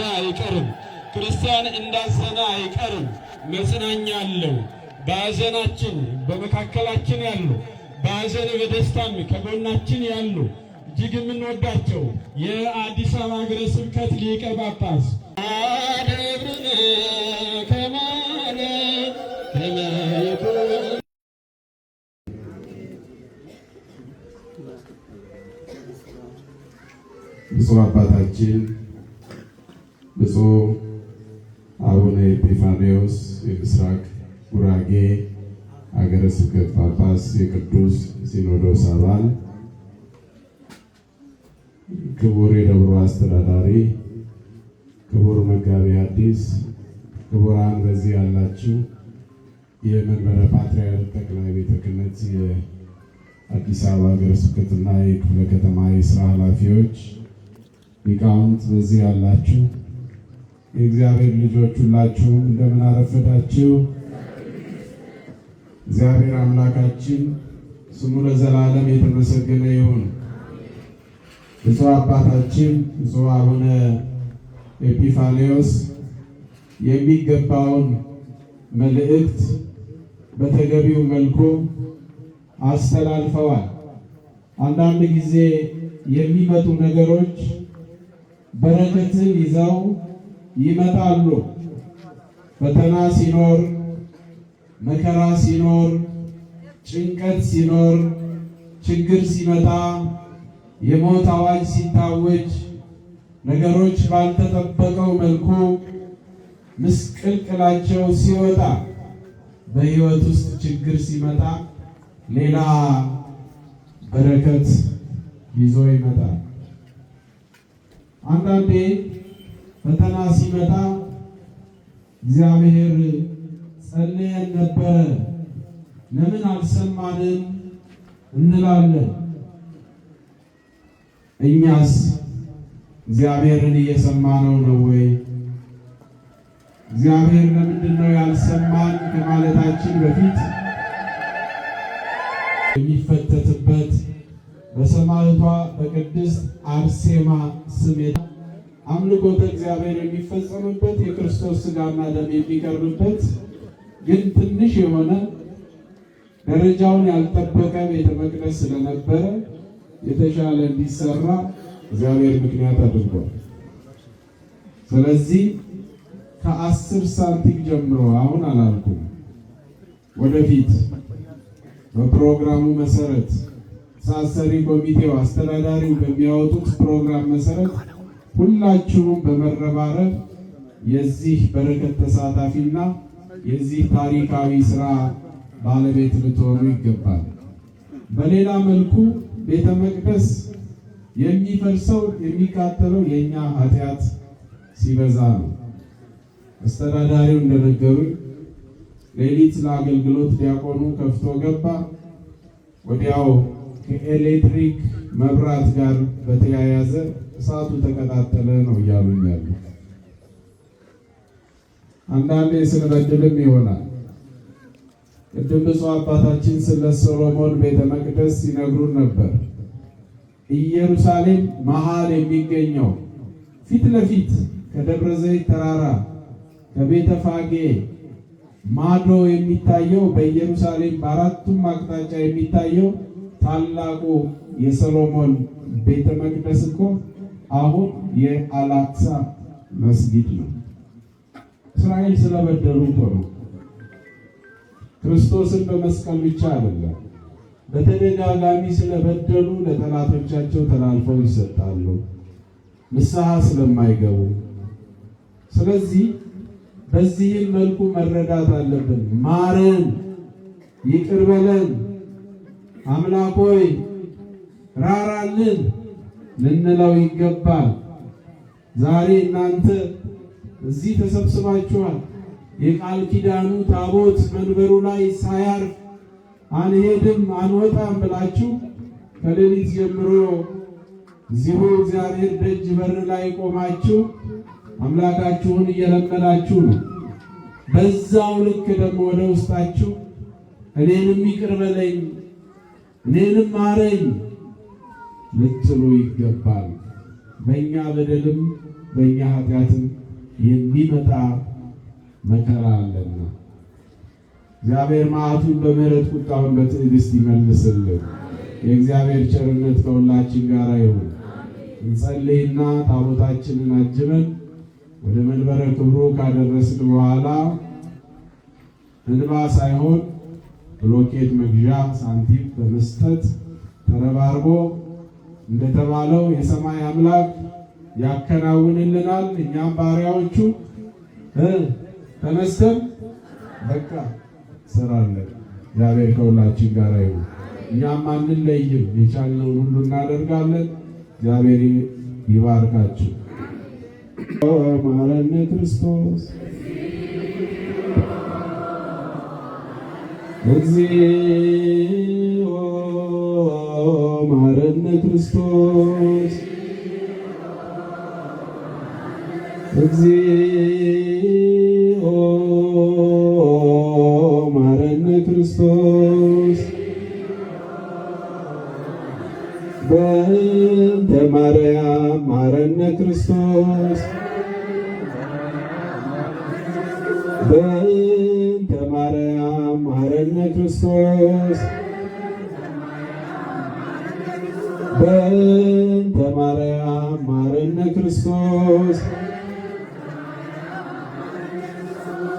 እንዳልሰራ አይቀርም። ክርስቲያን እንዳዘነ አይቀርም። መጽናኛ አለው። በአዘናችን በመካከላችን ያሉ፣ በአዘን በደስታም ከጎናችን ያሉ እጅግ የምንወዳቸው የአዲስ አበባ ሀገረ ስብከት ሊቀ ጳጳስ ብፁዕ አባታችን ብፁዕ አቡነ ኤጲፋንዮስ የምስራቅ ጉራጌ ሀገረ ስብከት ጳጳስ፣ የቅዱስ ሲኖዶስ አባል፣ ክቡር የደብሩ አስተዳዳሪ፣ ክቡር መጋቢ ሐዲስ፣ ክቡራን በዚህ ያላችሁ የመንበረ ፓትርያርክ ጠቅላይ ቤተ ክህነት የአዲስ አበባ ሀገረ ስብከትና የክፍለ ከተማ የስራ ኃላፊዎች፣ ሊቃውንት በዚህ ያላችሁ የእግዚአብሔር ልጆች ሁላችሁም እንደምን አረፈዳችሁ። እግዚአብሔር አምላካችን ስሙ ለዘላለም የተመሰገነ ይሁን። ብፁዕ አባታችን ብፁዕ አቡነ ኤጲፋንዮስ የሚገባውን መልእክት በተገቢው መልኩ አስተላልፈዋል። አንዳንድ ጊዜ የሚመጡ ነገሮች በረከትን ይዘው ይመጣሉ። ፈተና ሲኖር፣ መከራ ሲኖር፣ ጭንቀት ሲኖር፣ ችግር ሲመጣ፣ የሞት አዋጅ ሲታወጅ፣ ነገሮች ባልተጠበቀው መልኩ ምስቅልቅላቸው ሲወጣ፣ በሕይወት ውስጥ ችግር ሲመጣ ሌላ በረከት ይዞ ይመጣል። አንዳንዴ ፈተና ሲመጣ እግዚአብሔር ጸልየን ነበረ ለምን አልሰማንም እንላለን። እኛስ እግዚአብሔርን እየሰማነው ነው ወይ? እግዚአብሔር ለምንድን ነው ያልሰማን ከማለታችን በፊት የሚፈተትበት በሰማዕቷ በቅድስት አርሴማ ስሜት አምልኮተ እግዚአብሔር የሚፈጸምበት የክርስቶስ ስጋና ደም የሚቀርብበት ግን ትንሽ የሆነ ደረጃውን ያልጠበቀ ቤተ መቅደስ ስለነበረ የተሻለ እንዲሰራ እግዚአብሔር ምክንያት አድርጓል። ስለዚህ ከአስር ሳንቲም ጀምሮ አሁን አላልኩም፣ ወደፊት በፕሮግራሙ መሰረት ሳሰሪ ኮሚቴው አስተዳዳሪው በሚያወጡት ፕሮግራም መሰረት ሁላችሁም በመረባረብ የዚህ በረከት ተሳታፊና የዚህ ታሪካዊ ስራ ባለቤት ልትሆኑ ይገባል። በሌላ መልኩ ቤተ መቅደስ የሚፈርሰው የሚቃጠለው የእኛ ኃጢአት ሲበዛ ነው። አስተዳዳሪው እንደነገሩኝ ሌሊት ለአገልግሎት ዲያቆኑ ከፍቶ ገባ። ወዲያው ከኤሌክትሪክ መብራት ጋር በተያያዘ እሳቱ ተቀጣጠለ ነው እያሉኝ ያሉ። አንዳንዴ ስንበድልም ይሆናል። ቅድም ብፁዕ አባታችን ስለ ሶሎሞን ቤተ መቅደስ ሲነግሩን ነበር። ኢየሩሳሌም መሀል የሚገኘው ፊት ለፊት ከደብረ ዘይት ተራራ ከቤተ ፋጌ ማዶ የሚታየው በኢየሩሳሌም በአራቱም አቅጣጫ የሚታየው ታላቁ የሰሎሞን ቤተ መቅደስ እኮ አሁን የአላክሳ መስጊድ ነው። እስራኤል ስለበደሉ እኮ ነው። ክርስቶስን በመስቀል ብቻ አይደለም፣ በተደጋጋሚ ስለበደሉ ለጠላቶቻቸው ተላልፈው ይሰጣሉ፣ ንስሐ ስለማይገቡ። ስለዚህ በዚህም መልኩ መረዳት አለብን። ማረን፣ ይቅር በለን አምላክ ሆይ ራራልን ልንለው ይገባል። ዛሬ እናንተ እዚህ ተሰብስባችኋል። የቃል ኪዳኑ ታቦት መንበሩ ላይ ሳያርፍ አንሄድም አንወጣም ብላችሁ ከሌሊት ጀምሮ እዚሁ እግዚአብሔር ደጅ በር ላይ ቆማችሁ አምላካችሁን እየለመናችሁ ነው። በዛው ልክ ደግሞ ወደ ውስጣችሁ እኔንም ይቅር በለኝ እኔንም ማረኝ ልትሉ ይገባል። በእኛ በደልም በእኛ ኃጢአትም የሚመጣ መከራ አለና እግዚአብሔር መዓቱን በምሕረት ቁጣውን በትዕግስት ይመልስልን። የእግዚአብሔር ቸርነት ከሁላችን ጋር ይሁን። እንጸልይና ታቦታችንን አጅበን ወደ መንበረ ክብሩ ካደረስን በኋላ እንባ ሳይሆን ብሎኬት መግዣ ሳንቲም በመስጠት ተረባርቦ እንደተባለው የሰማይ አምላክ ያከናውንልናል። እኛም ባሪያዎቹ ተነስተን በቃ ስራለን። እግዚአብሔር ከሁላችን ጋር ይሁን። እኛም አንለይም፣ የቻልነውን ሁሉ እናደርጋለን። እግዚአብሔር ይባርካችሁ። ማረነ ክርስቶስ እግዚኦ መሐረነ ክርስቶስ እግዚኦ ቅዱስ በእንተ ማርያም ማረነ ክርስቶስ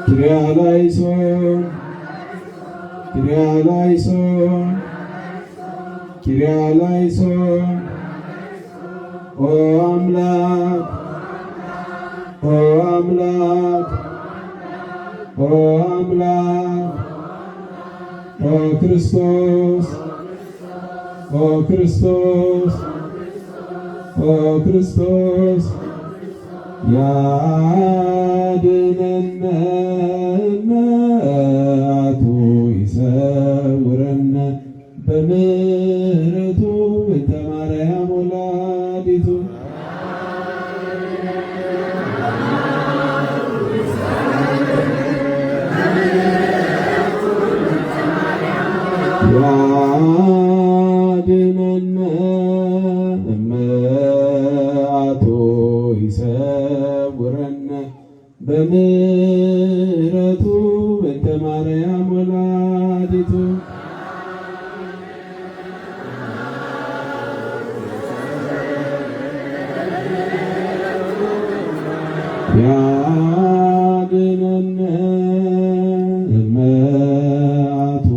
ኪርያ ላይሶን ኪርያ ላይሶን ኪርያ ላይሶን ኦ አምላክ ኦ አምላክ ኦ አምላክ ኦ ክርስቶስ ኦ ክርስቶስ ኦ ክርስቶስ ያድነነ መዓቱ ይሰውረነ በምሕረቱ በምሕረቱ እንተ ማርያም ወላዲቱ ያድነነ እመአቱ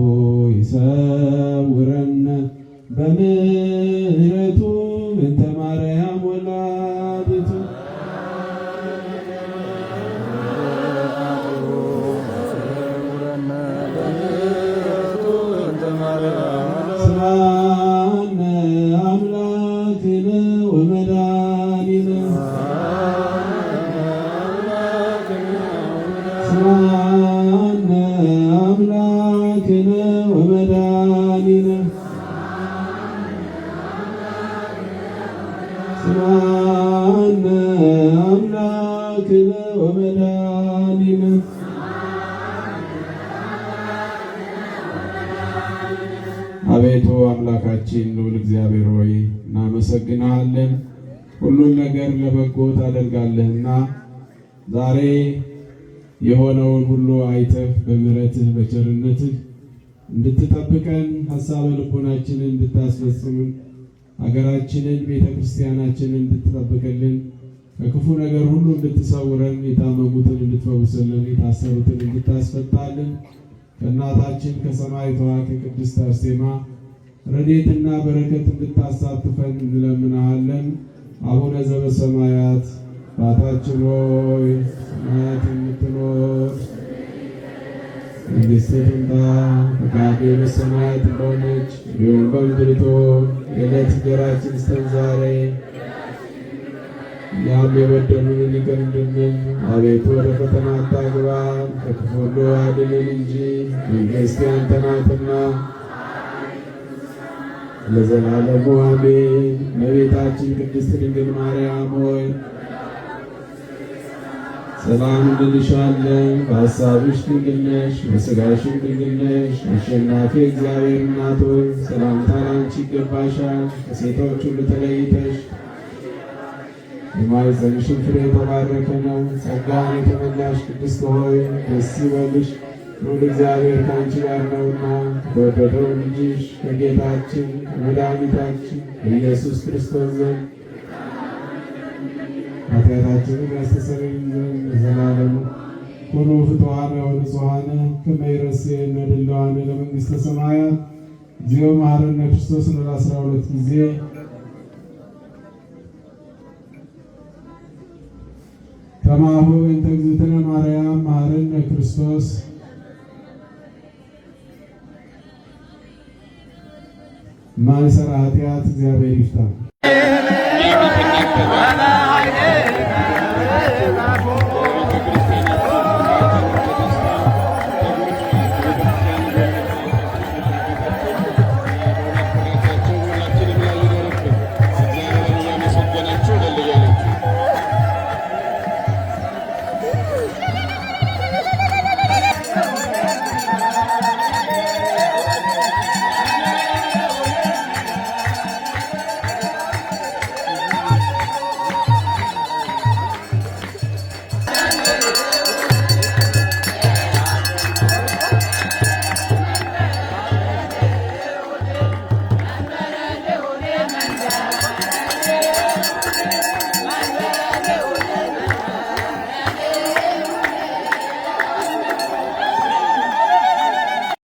አቤቱ አምላካችን ልዑል እግዚአብሔር ሆይ እናመሰግናለን። ሁሉን ነገር ለበጎ ታደርጋለህና ዛሬ የሆነውን ሁሉ አይተህ በምሕረትህ በቸርነትህ እንድትጠብቀን ሀሳበ ልቦናችንን እንድታስፈጽምን ሀገራችንን ቤተ ክርስቲያናችንን እንድትጠብቅልን ከክፉ ነገር ሁሉ እንድትሰውረን የታመሙትን እንድትፈውስልን የታሰሩትን እንድታስፈታልን ከእናታችን ከሰማዕቷ ከቅድስት አርሴማ ረድኤትና በረከት እንድታሳትፈን እንለምናሃለን። አቡነ ዘበሰማያት አባታችን ሆይ ሰማያት የምትኖር መንግሥትህ ትምጣ፣ ፈቃድህ በሰማያት እንደሆነች እንዲሁም በምድር ትሁን። የዕለት እንጀራችንን ስጠን ዛሬ ያም የበደሉን ይቅር እንድንል አቤቱ ወደ ፈተና አታግባ ከክፉ ሁሉ አድነን እንጂ መንግሥት ያንተ ናትና ለዘላለሙ አሜን። እመቤታችን ቅድስት ድንግል ማርያም ሆይ ሰላም እንልሻለን። በሀሳብሽ ድንግል ነሽ፣ በሥጋሽም ድንግል ነሽ። አሸናፊ እግዚአብሔር እናት ሆይ ሰላምታ ላንቺ ይገባሻል። ከሴቶች ሁሉ ተለይተሽ የማኅፀንሽን ፍሬ የተባረከ ነው። ጸጋን የተመላሽ ቅድስት ሆይ ደስ ይበልሽ፣ ልዑል እግዚአብሔር ከአንቺ ጋር ነውና የተወደደው ልጅሽ ከጌታችን ከመድኃኒታችን ኢየሱስ ክርስቶስ ዘንድ ኃጢአታችንን ያስተሰርይ ዘንድ ለዘላለሙ ሁሉ ፍትዋነ ወንጽሐነ ከመ ይረስየነ ድለዋነ ለመንግሥተ ሰማያት እግዚኦ መሐረነ ክርስቶስ ለአስራ ሁለት ጊዜ ከማሁ እንተ እግዝእትነ ማርያም መሐረነ ክርስቶስ ማይሰራ ኃጢአት እግዚአብሔር ይፍታ።